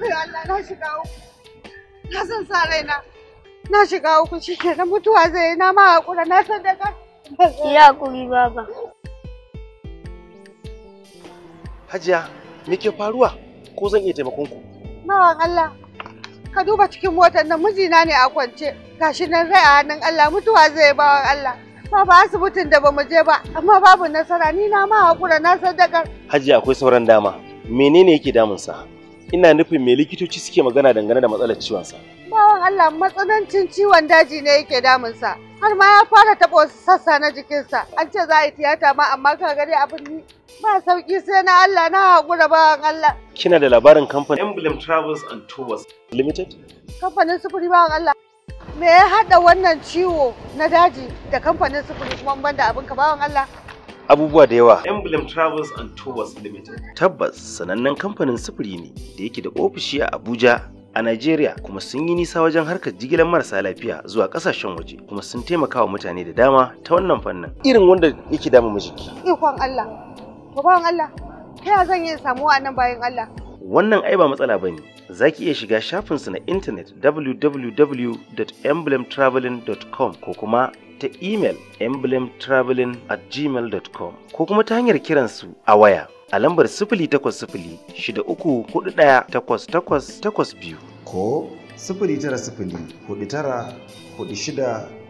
Wai Allah na shiga uku. Na san sa raina. Na shiga uku shi na mutuwa zai yi na ma haƙura na san daga. Ya haƙuri baba. Hajiya, me ke faruwa? Ko zan iya taimakon ku? Mawan Allah, ka duba cikin motar nan mijina ne a kwance. Gashi nan rai a hannun Allah mutuwa zai yi bawan Allah. Baba asibitin da bamu je ba, amma babu nasara ni na ma haƙura na sadakar. Hajiya akwai sauran dama. Menene yake damunsa? sa? ina nufin me likitoci suke magana dangane da matsalar ciwon sa bawan Allah matsanancin ciwon daji ne yake damun sa har ma ya fara taɓa wasu sassa na jikinsa an ce za a yi tiyata ma amma ka gari abin ni ba sauki sai na Allah na haƙura bawan Allah kina da labarin kamfanin Emblem Travels and Tours Limited kamfanin sufuri bawan Allah me ya haɗa wannan ciwo na daji da kamfanin sufuri kuma ban da abin ka bawan Allah abubuwa da yawa. Emblem Travels and Tours Limited. Tabbas sanannen kamfanin sufuri ne da yake da ofishi a Abuja a Najeriya kuma sun yi nisa wajen harkar jigilar marasa lafiya zuwa kasashen waje kuma sun taimaka wa mutane da dama ta wannan fannin irin wanda yake damu mijinki. Ikon Allah, bawan Allah, ta ya zan yi samuwa nan bayan Allah. Wannan ai ba matsala bane za ki iya shiga shafinsu na intanet www.emblemtraveling.com ko kuma ta imel emblemtraveling@gmail.com gmail.com ko kuma ta hanyar kiransu a waya a lambar biyu.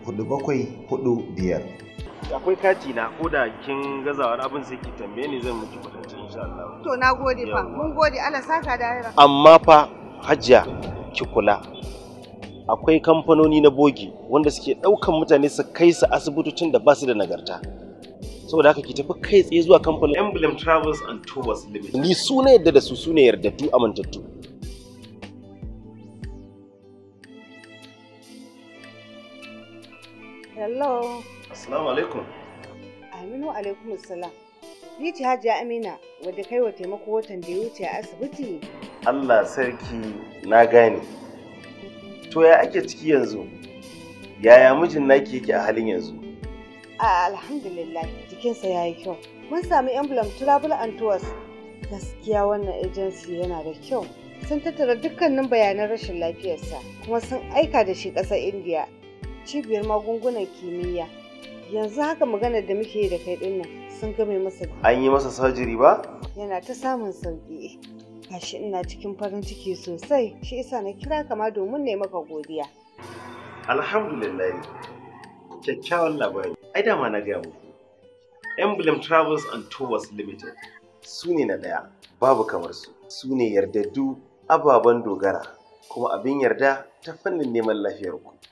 ko biyar. akwai kati na ko da kin gazawar abin sai ki tambaye ni zan miki kwatance insha Allah to na gode fa mun gode Allah saka da amma fa hajjia ki kula akwai kamfanoni na bogi wanda suke ɗaukan mutane su kai su asibitocin da ba su da nagarta saboda haka ki tafi kai tsaye zuwa kamfanin emblem travels and tours limited ni su yadda da su su ne yardattu amintattu hello Assalamu alaikum. Aminu alaikum assalam. Ni ce Hajiya Amina wadda kai wa taimako watan da ya wuce a asibiti. Allah sarki na gane. To ya ake ciki yanzu? Yaya mijin naki yake a halin yanzu? A alhamdulillah jikinsa ya yi kyau. Mun samu emblem Travel and Tours. Gaskiya wannan agency yana da kyau. Sun tattara dukkanin bayanan rashin lafiyarsa kuma sun aika da shi ƙasar Indiya cibiyar magungunan kimiyya yanzu haka maganar da muke da kai din nan sun game masa an yi masa surgery ba yana ta samun sauki gashi ina cikin farin ciki sosai shi isa na kira kama domin ne maka godiya alhamdulillah kyakkyawan labari ai dama na gaya muku emblem travels and tours limited su ne na ɗaya babu kamar su su ne yardaddu ababen dogara kuma abin yarda ta fannin neman lafiyarku